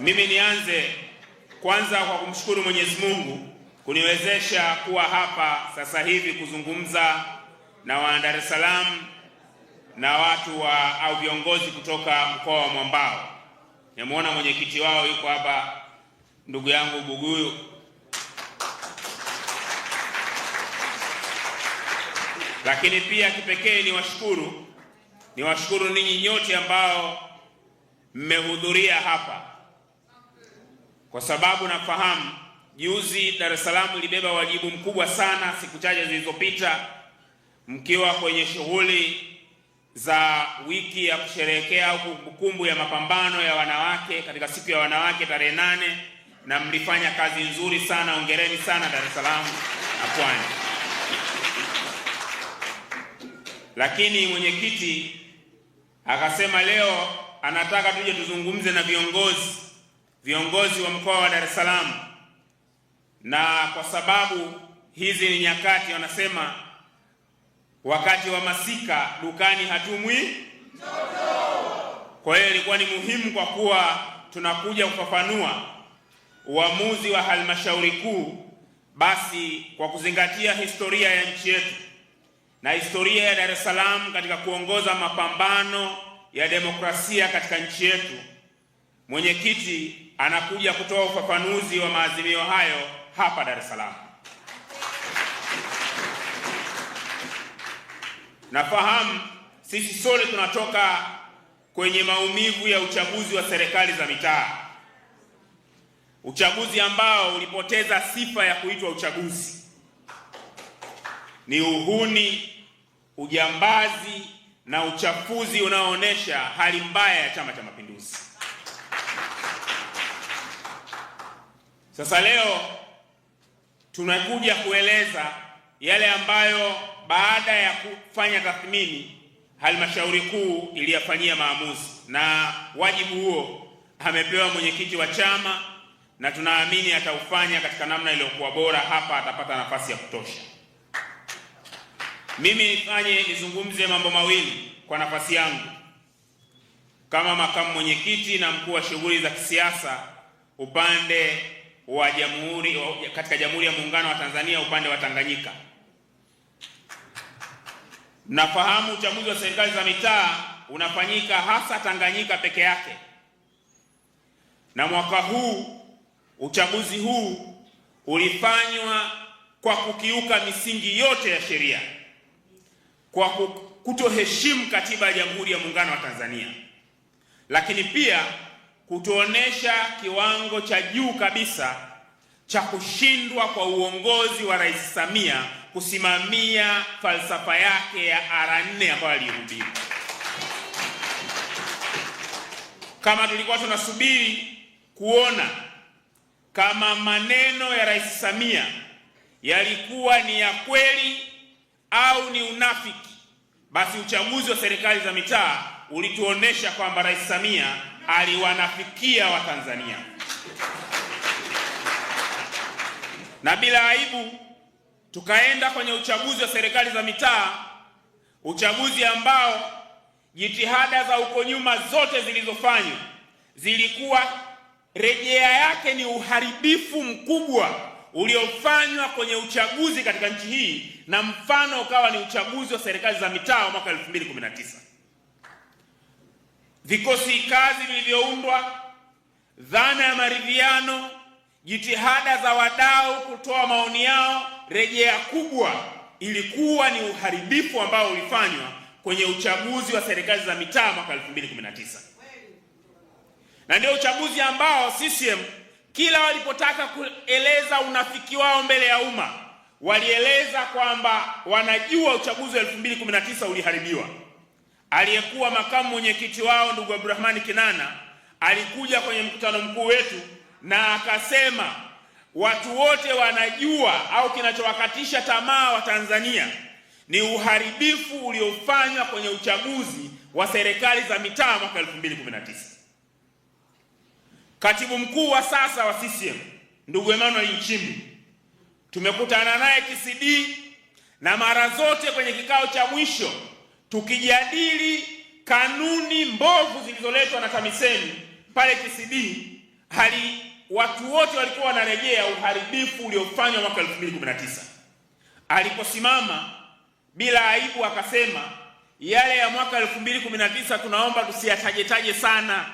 Mimi nianze kwanza kwa kumshukuru Mwenyezi Mungu kuniwezesha kuwa hapa sasa hivi kuzungumza na wa Dar es Salaam na watu wa au viongozi kutoka mkoa wa Mwambao. Nimeona mwenyekiti wao yuko hapa, ndugu yangu Buguyu. Lakini pia kipekee niwashukuru niwashukuru ninyi nyote ambao mmehudhuria hapa kwa sababu nafahamu juzi Dar es Salaam ilibeba wajibu mkubwa sana, siku chache zilizopita, mkiwa kwenye shughuli za wiki ya kusherehekea au kumbukumbu ya mapambano ya wanawake katika siku ya wanawake tarehe nane, na mlifanya kazi nzuri sana. Hongereni sana Dar es Salaam na Pwani. Lakini mwenyekiti akasema leo anataka tuje tuzungumze na viongozi viongozi wa mkoa wa Dar es Salaam, na kwa sababu hizi ni nyakati, wanasema wakati wa masika dukani hatumwi. Kwa hiyo ilikuwa ni muhimu kwa kuwa tunakuja kufafanua uamuzi wa halmashauri kuu, basi kwa kuzingatia historia ya nchi yetu na historia ya Dar es Salaam katika kuongoza mapambano ya demokrasia katika nchi yetu mwenyekiti anakuja kutoa ufafanuzi wa maazimio hayo hapa Dar es Salaam. Nafahamu sisi sote tunatoka kwenye maumivu ya uchaguzi wa serikali za mitaa, uchaguzi ambao ulipoteza sifa ya kuitwa uchaguzi. Ni uhuni, ujambazi na uchafuzi unaoonesha hali mbaya ya Chama cha Mapinduzi. Sasa leo tunakuja kueleza yale ambayo baada ya kufanya tathmini halmashauri kuu iliyafanyia maamuzi, na wajibu huo amepewa mwenyekiti wa chama na tunaamini ataufanya katika namna iliyokuwa bora. Hapa atapata nafasi ya kutosha. Mimi nifanye nizungumze mambo mawili kwa nafasi yangu kama makamu mwenyekiti na mkuu wa shughuli za kisiasa upande wa jamhuri katika Jamhuri ya Muungano wa Tanzania upande wa Tanganyika. Nafahamu uchaguzi wa serikali za mitaa unafanyika hasa Tanganyika peke yake, na mwaka huu uchaguzi huu ulifanywa kwa kukiuka misingi yote ya sheria, kwa kutoheshimu katiba ya Jamhuri ya Muungano wa Tanzania, lakini pia kutuonesha kiwango cha juu kabisa cha kushindwa kwa uongozi wa Rais Samia kusimamia falsafa yake ya R4 ambayo alihubiri. Kama tulikuwa tunasubiri kuona kama maneno ya Rais Samia yalikuwa ni ya kweli au ni unafiki, basi uchaguzi wa serikali za mitaa ulituonesha kwamba Rais Samia aliwanafikia Watanzania na bila aibu tukaenda kwenye uchaguzi wa serikali za mitaa, uchaguzi ambao jitihada za uko nyuma zote zilizofanywa zilikuwa rejea yake ni uharibifu mkubwa uliofanywa kwenye uchaguzi katika nchi hii, na mfano ukawa ni uchaguzi wa serikali za mitaa mwaka 2019 vikosi kazi vilivyoundwa, dhana ya maridhiano, jitihada za wadau kutoa maoni yao. Rejea kubwa ilikuwa ni uharibifu ambao ulifanywa kwenye uchaguzi wa serikali za mitaa mwaka 2019 na ndio uchaguzi ambao CCM kila walipotaka kueleza unafiki wao mbele ya umma walieleza kwamba wanajua uchaguzi wa 2019 uliharibiwa aliyekuwa makamu mwenyekiti wao ndugu Abdurahmani Kinana alikuja kwenye mkutano mkuu wetu na akasema watu wote wanajua au kinachowakatisha tamaa wa Tanzania ni uharibifu uliofanywa kwenye uchaguzi wa serikali za mitaa mwaka 2019. Katibu mkuu wa sasa wa CCM ndugu Emmanuel Nchimbi tumekutana naye KCD na mara zote kwenye kikao cha mwisho tukijadili kanuni mbovu zilizoletwa na TAMISEMI pale KCD, hali watu wote walikuwa wanarejea uharibifu uliofanywa mwaka 2019. Aliposimama bila aibu akasema yale ya mwaka 2019 tunaomba tusiyatajetaje sana,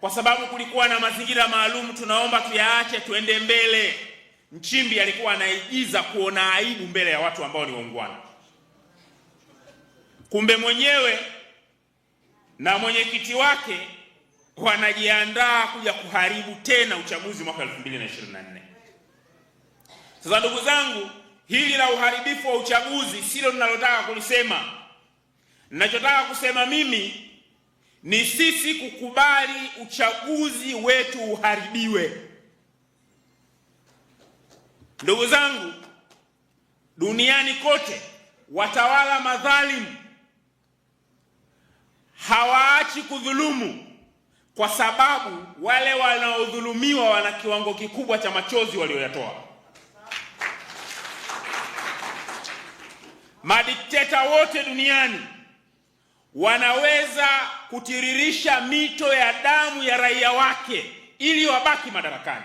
kwa sababu kulikuwa na mazingira maalum, tunaomba tuyaache tuende mbele. Nchimbi alikuwa anaigiza kuona aibu mbele ya watu ambao ni waungwana. Kumbe mwenyewe na mwenyekiti wake wanajiandaa kuja kuharibu tena uchaguzi mwaka 2024. Sasa ndugu zangu, hili la uharibifu wa uchaguzi silo linalotaka kulisema. Ninachotaka kusema mimi ni sisi kukubali uchaguzi wetu uharibiwe. Ndugu zangu, duniani kote watawala madhalimu hawaachi kudhulumu, kwa sababu wale wanaodhulumiwa wana kiwango kikubwa cha machozi walioyatoa. Madikteta wote duniani wanaweza kutiririsha mito ya damu ya raia wake ili wabaki madarakani.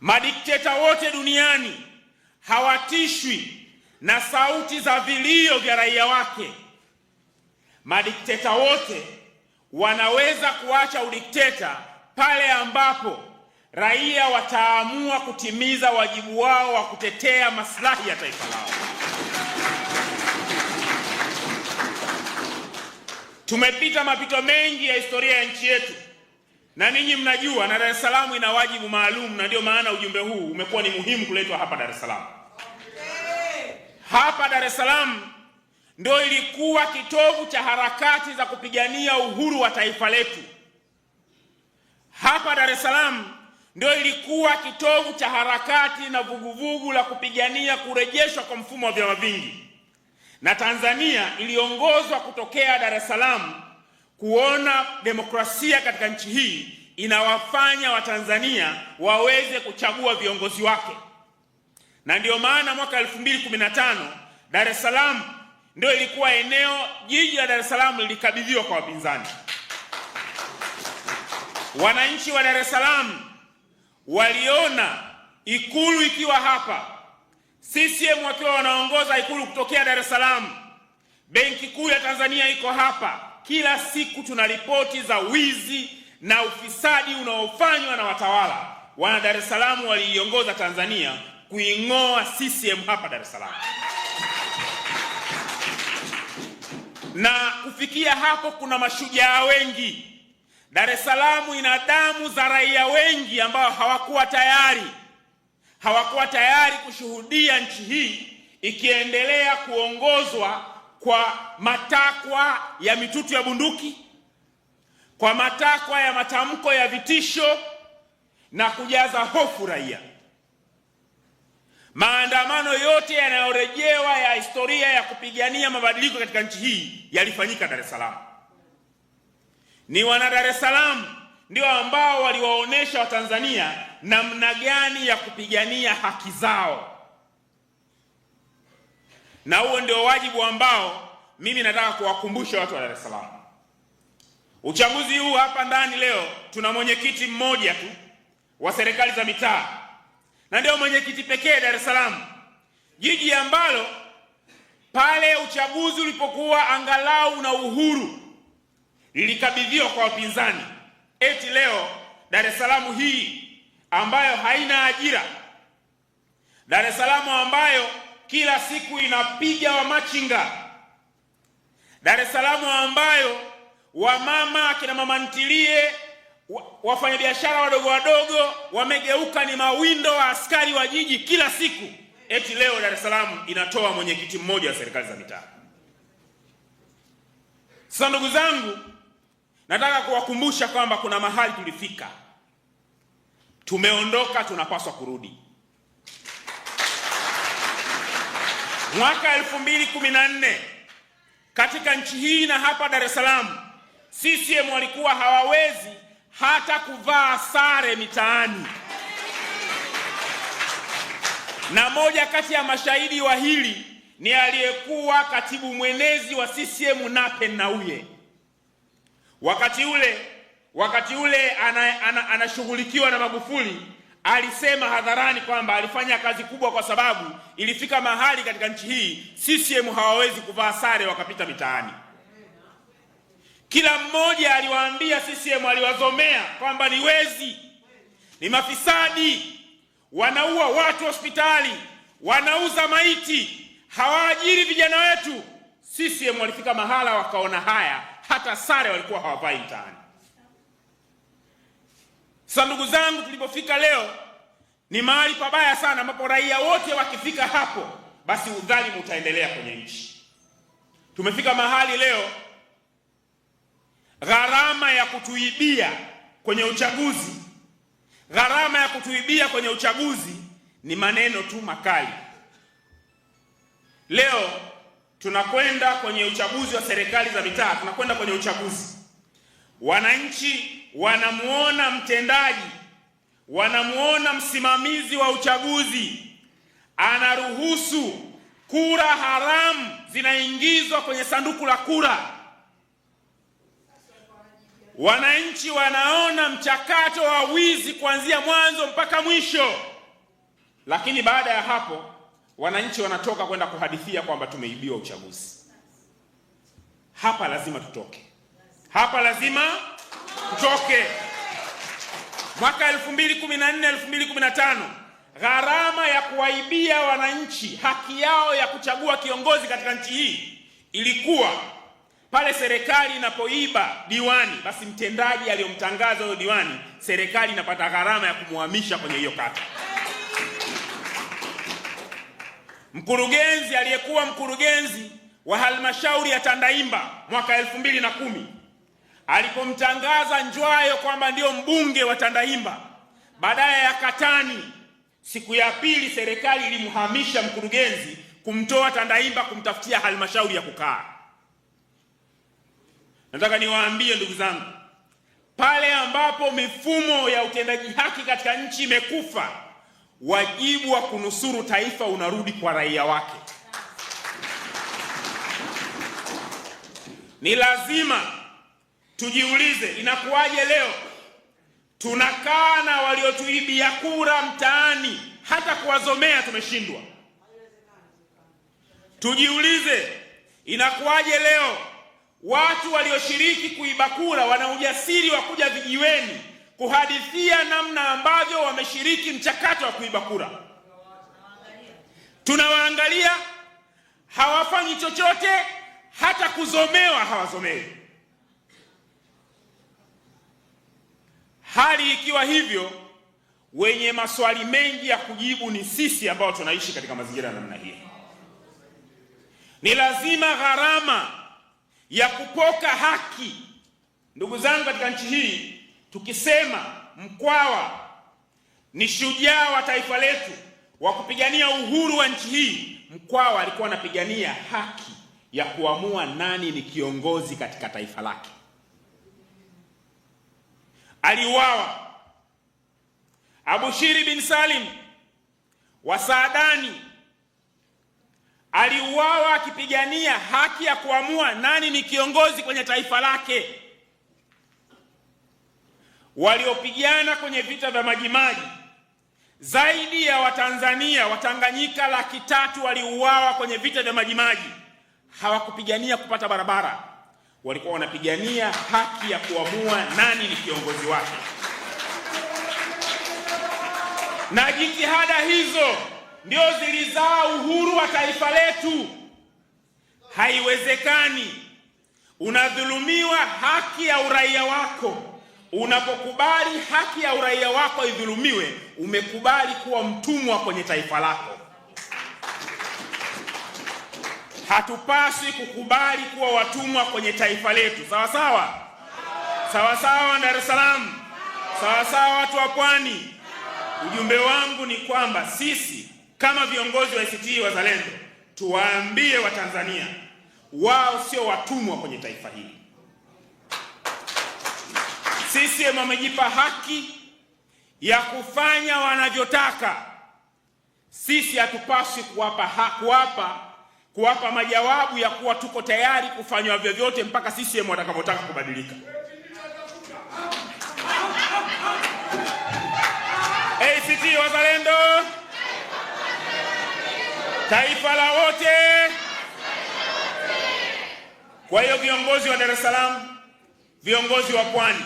Madikteta wote duniani hawatishwi na sauti za vilio vya raia wake Madikteta wote wanaweza kuacha udikteta pale ambapo raia wataamua kutimiza wajibu wao wa kutetea maslahi ya taifa lao. Tumepita mapito mengi ya historia ya nchi yetu, na ninyi mnajua, na Dar es Salaam ina wajibu maalum, na ndio maana ujumbe huu umekuwa ni muhimu kuletwa hapa Dar es Salaam. Hapa Dar es Salaam ndio ilikuwa kitovu cha harakati za kupigania uhuru wa taifa letu. Hapa Dar es Salaam ndio ilikuwa kitovu cha harakati na vuguvugu la kupigania kurejeshwa kwa mfumo wa vyama vingi, na Tanzania iliongozwa kutokea Dar es Salaam kuona demokrasia katika nchi hii inawafanya Watanzania waweze kuchagua viongozi wake, na ndiyo maana mwaka 2015 Dar es Salaam ndio ilikuwa eneo jiji la Dar es Salaam lilikabidhiwa kwa wapinzani. Wananchi wa Dar es Salaam waliona Ikulu ikiwa hapa, CCM wakiwa wanaongoza Ikulu kutokea Dar es Salaam, Benki Kuu ya Tanzania iko hapa. Kila siku tuna ripoti za wizi na ufisadi unaofanywa na watawala. Wana Dar es Salaam waliiongoza Tanzania kuing'oa CCM hapa Dar es Salaam. na kufikia hapo, kuna mashujaa wengi. Dar es Salaam ina damu za raia wengi ambao hawakuwa tayari, hawakuwa tayari kushuhudia nchi hii ikiendelea kuongozwa kwa matakwa ya mitutu ya bunduki, kwa matakwa ya matamko ya vitisho na kujaza hofu raia. Maandamano yote yanayorejewa ya historia ya kupigania mabadiliko katika nchi hii yalifanyika Dar es Salaam. Ni wana Dar es Salaam ndio ambao waliwaonesha Watanzania namna gani ya kupigania haki zao, na huo ndio wajibu ambao mimi nataka kuwakumbusha watu wa Dar es Salaam. Uchaguzi huu hapa ndani leo tuna mwenyekiti mmoja tu wa serikali za mitaa na ndio mwenyekiti pekee Dar es Salaam, jiji ambalo pale uchaguzi ulipokuwa angalau na uhuru lilikabidhiwa kwa wapinzani. Eti leo Dar es Salaam hii ambayo haina ajira, Dar es Salaam ambayo kila siku inapiga wamachinga, Dar es Salaam ambayo wamama akina mama ntilie wafanyabiashara wadogo wadogo wamegeuka ni mawindo wa askari wa jiji kila siku. Eti leo Dar es Salaam inatoa mwenyekiti mmoja wa serikali za mitaa. Sasa ndugu zangu, nataka kuwakumbusha kwamba kuna mahali tulifika, tumeondoka, tunapaswa kurudi. Mwaka 2014 katika nchi hii na hapa Dar es Salaam, CCM walikuwa hawawezi hata kuvaa sare mitaani. Na moja kati ya mashahidi wa hili ni aliyekuwa katibu mwenezi wa CCM Nape Nnauye. Wakati ule wakati ule anashughulikiwa ana, ana na Magufuli alisema hadharani kwamba alifanya kazi kubwa kwa sababu ilifika mahali katika nchi hii CCM hawawezi kuvaa sare wakapita mitaani. Kila mmoja aliwaambia, CCM aliwazomea kwamba ni wezi, ni mafisadi, wanaua watu hospitali, wanauza maiti, hawaajiri vijana wetu. CCM walifika mahala wakaona haya, hata sare walikuwa hawavai mtaani. Sasa ndugu zangu, tulipofika leo ni mahali pabaya sana, ambapo raia wote wakifika hapo, basi udhalimu utaendelea kwenye nchi. Tumefika mahali leo Gharama ya kutuibia kwenye uchaguzi, gharama ya kutuibia kwenye uchaguzi ni maneno tu makali. Leo tunakwenda kwenye uchaguzi wa serikali za mitaa, tunakwenda kwenye uchaguzi. Wananchi wanamuona mtendaji, wanamuona msimamizi wa uchaguzi anaruhusu kura haramu zinaingizwa kwenye sanduku la kura wananchi wanaona mchakato wa wizi kuanzia mwanzo mpaka mwisho, lakini baada ya hapo wananchi wanatoka kwenda kuhadithia kwamba tumeibiwa uchaguzi. Hapa lazima tutoke, hapa lazima tutoke. Mwaka 2014 2015 gharama ya kuwaibia wananchi haki yao ya kuchagua kiongozi katika nchi hii ilikuwa pale serikali inapoiba diwani, basi mtendaji aliyomtangaza huyo diwani, serikali inapata gharama ya kumhamisha kwenye hiyo kata. Mkurugenzi aliyekuwa mkurugenzi wa halmashauri ya Tandaimba mwaka elfu mbili na kumi alipomtangaza Njwayo kwamba ndiyo mbunge wa Tandaimba, baadaye ya Katani, siku ya pili serikali ilimhamisha mkurugenzi kumtoa Tandaimba kumtafutia halmashauri ya kukaa. Nataka niwaambie ndugu zangu, pale ambapo mifumo ya utendaji haki katika nchi imekufa, wajibu wa kunusuru taifa unarudi kwa raia wake. Ni lazima tujiulize, inakuwaje leo tunakaa na waliotuibia kura mtaani, hata kuwazomea tumeshindwa? Tujiulize, inakuwaje leo Watu walioshiriki kuiba kura wana ujasiri wa kuja vijiweni kuhadithia namna ambavyo wameshiriki mchakato wa kuiba kura. Tunawaangalia, hawafanyi chochote, hata kuzomewa hawazomewi. Hali ikiwa hivyo, wenye maswali mengi ya kujibu ni sisi ambao tunaishi katika mazingira ya namna hii. Ni lazima gharama ya kupoka haki. Ndugu zangu, katika nchi hii tukisema Mkwawa ni shujaa wa taifa letu wa kupigania uhuru wa nchi hii, Mkwawa alikuwa anapigania haki ya kuamua nani ni kiongozi katika taifa lake. Aliuawa. Abushiri bin Salim wa Saadani aliuawa akipigania haki ya kuamua nani ni kiongozi kwenye taifa lake. Waliopigana kwenye vita vya Majimaji, zaidi ya Watanzania Watanganyika laki tatu waliuawa kwenye vita vya Majimaji. Hawakupigania kupata barabara, walikuwa wanapigania haki ya kuamua nani ni kiongozi wake, na jitihada hizo ndio zilizaa uhuru wa taifa letu. Haiwezekani unadhulumiwa haki ya uraia wako. Unapokubali haki ya uraia wako idhulumiwe, umekubali kuwa mtumwa kwenye taifa lako. Hatupaswi kukubali kuwa watumwa kwenye taifa letu. Sawa sawa, sawa sawa, Dar es Salaam, sawa sawa, watu wa Pwani. Ujumbe wangu ni kwamba sisi kama viongozi wa ACT Wazalendo, tuwaambie Watanzania wao sio watumwa kwenye taifa hili. CCM wamejipa haki ya kufanya wanavyotaka. Sisi hatupaswi kuwapa kuwapa kuwapa majawabu ya kuwa tuko tayari kufanywa vyovyote mpaka CCM watakavyotaka kubadilika. ACT Wazalendo taifa la wote. Kwa hiyo viongozi wa Dar es Salaam, viongozi wa Pwani,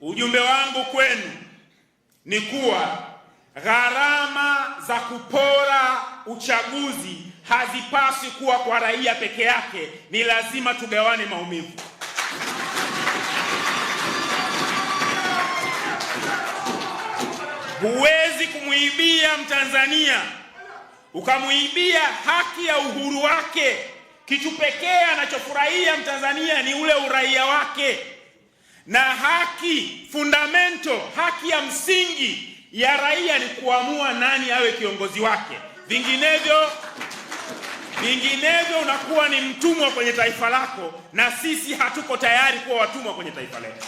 ujumbe wangu kwenu ni kuwa gharama za kupora uchaguzi hazipaswi kuwa kwa raia peke yake, ni lazima tugawane maumivu. Huwezi kumwibia Mtanzania ukamuibia haki ya uhuru wake. Kitu pekee anachofurahia Mtanzania ni ule uraia wake, na haki fundamento, haki ya msingi ya raia ni kuamua nani awe kiongozi wake. Vinginevyo, vinginevyo unakuwa ni mtumwa kwenye taifa lako, na sisi hatuko tayari kuwa watumwa kwenye taifa letu.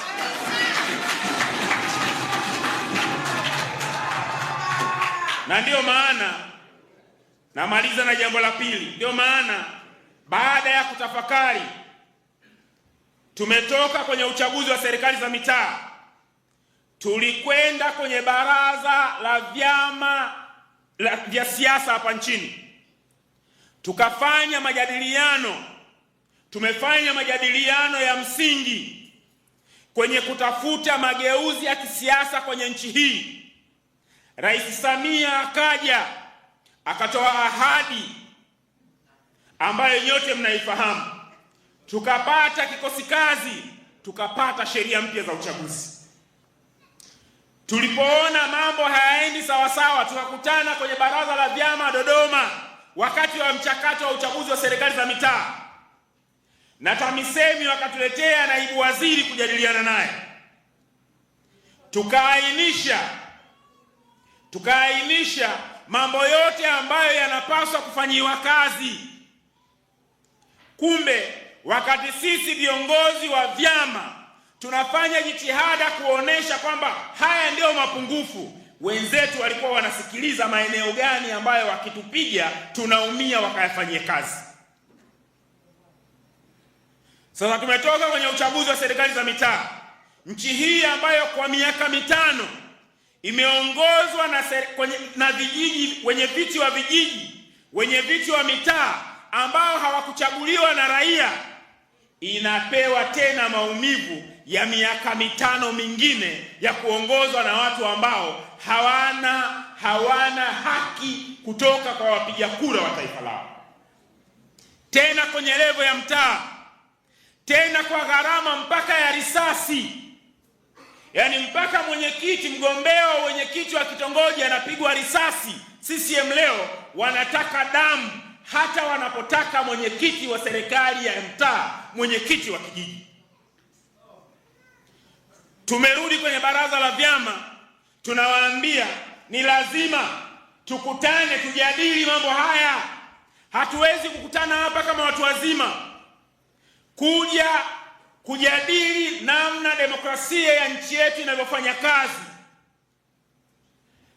Na ndiyo maana Namaliza na jambo la pili. Ndio maana baada ya kutafakari, tumetoka kwenye uchaguzi wa serikali za mitaa, tulikwenda kwenye baraza la vyama la vya siasa hapa nchini, tukafanya majadiliano. Tumefanya majadiliano ya msingi kwenye kutafuta mageuzi ya kisiasa kwenye nchi hii. Rais Samia akaja akatoa ahadi ambayo nyote mnaifahamu, tukapata kikosi kazi, tukapata sheria mpya za uchaguzi. Tulipoona mambo hayaendi sawasawa, tukakutana kwenye baraza la vyama Dodoma, wakati wa mchakato wa uchaguzi wa serikali za mitaa, na TAMISEMI wakatuletea naibu waziri kujadiliana naye, tukaainisha tukaainisha mambo yote ambayo yanapaswa kufanyiwa kazi. Kumbe wakati sisi viongozi wa vyama tunafanya jitihada kuonesha kwamba haya ndiyo mapungufu, wenzetu walikuwa wanasikiliza maeneo gani ambayo wakitupiga tunaumia, wakayafanyie kazi. Sasa tumetoka kwenye uchaguzi wa serikali za mitaa, nchi hii ambayo kwa miaka mitano imeongozwa na, ser, kwenye, na vijiji wenye viti wa vijiji wenye viti wa mitaa ambao hawakuchaguliwa na raia, inapewa tena maumivu ya miaka mitano mingine ya kuongozwa na watu ambao hawana hawana haki kutoka kwa wapiga kura wa taifa lao, tena kwenye levo ya mtaa, tena kwa gharama mpaka ya risasi yaani mpaka mwenyekiti mgombea wa mwenyekiti wa kitongoji anapigwa risasi. CCM leo wanataka damu, hata wanapotaka mwenyekiti wa serikali ya mtaa, mwenyekiti wa kijiji. Tumerudi kwenye baraza la vyama, tunawaambia ni lazima tukutane, tujadili mambo haya. Hatuwezi kukutana hapa kama watu wazima kuja kujadili namna demokrasia ya nchi yetu inavyofanya kazi.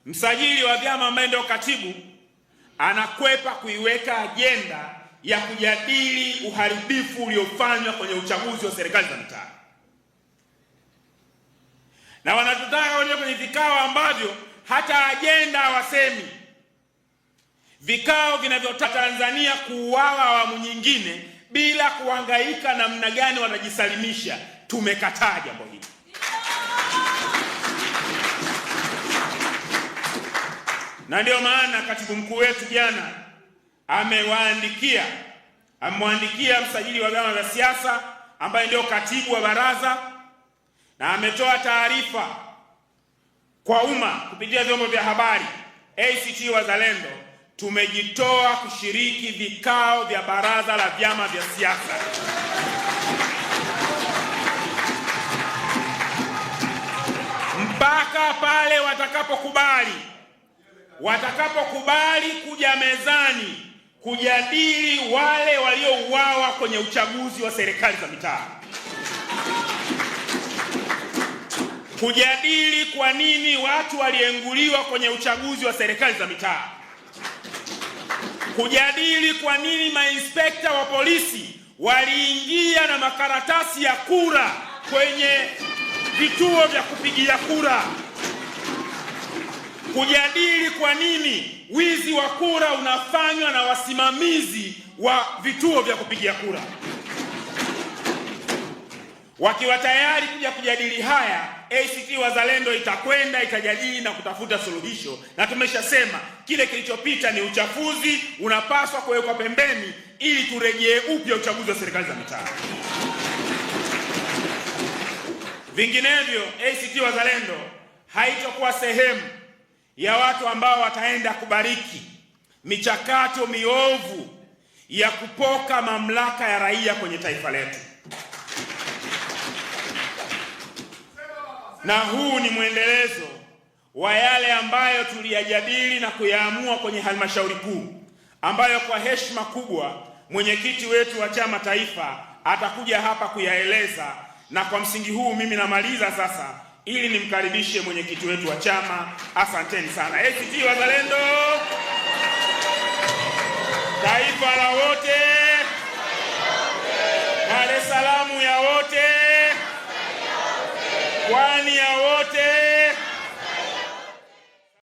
Msajili wa vyama ambaye ndio katibu anakwepa kuiweka ajenda ya kujadili uharibifu uliofanywa kwenye uchaguzi wa serikali za mtaa, na wanatutaka wenyewe kwenye vikao ambavyo hata ajenda hawasemi, vikao vinavyotaka Tanzania kuuawa awamu nyingine bila kuhangaika namna gani wanajisalimisha. Tumekataa jambo hili. Na ndio maana katibu mkuu wetu jana amewaandikia amemwandikia msajili wa vyama vya siasa ambaye ndio katibu wa baraza, na ametoa taarifa kwa umma kupitia vyombo vya habari ACT Wazalendo tumejitoa kushiriki vikao vya baraza la vyama vya siasa mpaka pale watakapokubali watakapokubali kuja mezani kujadili wale waliouawa kwenye uchaguzi wa serikali za mitaa, kujadili kwa nini watu walienguliwa kwenye uchaguzi wa serikali za mitaa kujadili kwa nini mainspekta wa polisi waliingia na makaratasi ya kura kwenye vituo vya kupigia kura, kujadili kwa nini wizi wa kura unafanywa na wasimamizi wa vituo vya kupigia kura. Wakiwa tayari kuja kujadili haya ACT Wazalendo itakwenda itajadili na kutafuta suluhisho, na tumeshasema kile kilichopita ni uchafuzi, unapaswa kuwekwa pembeni ili turejee upya uchaguzi wa serikali za mitaa. Vinginevyo ACT Wazalendo haitokuwa sehemu ya watu ambao wataenda kubariki michakato miovu ya kupoka mamlaka ya raia kwenye taifa letu. na huu ni mwendelezo wa yale ambayo tuliyajadili na kuyaamua kwenye halmashauri kuu, ambayo kwa heshima kubwa mwenyekiti wetu wa chama taifa atakuja hapa kuyaeleza, na kwa msingi huu mimi namaliza sasa ili nimkaribishe mwenyekiti wetu wa chama. Asanteni sana. ACT Wazalendo, taifa la wote, Dar es Salaam ya wote, kwani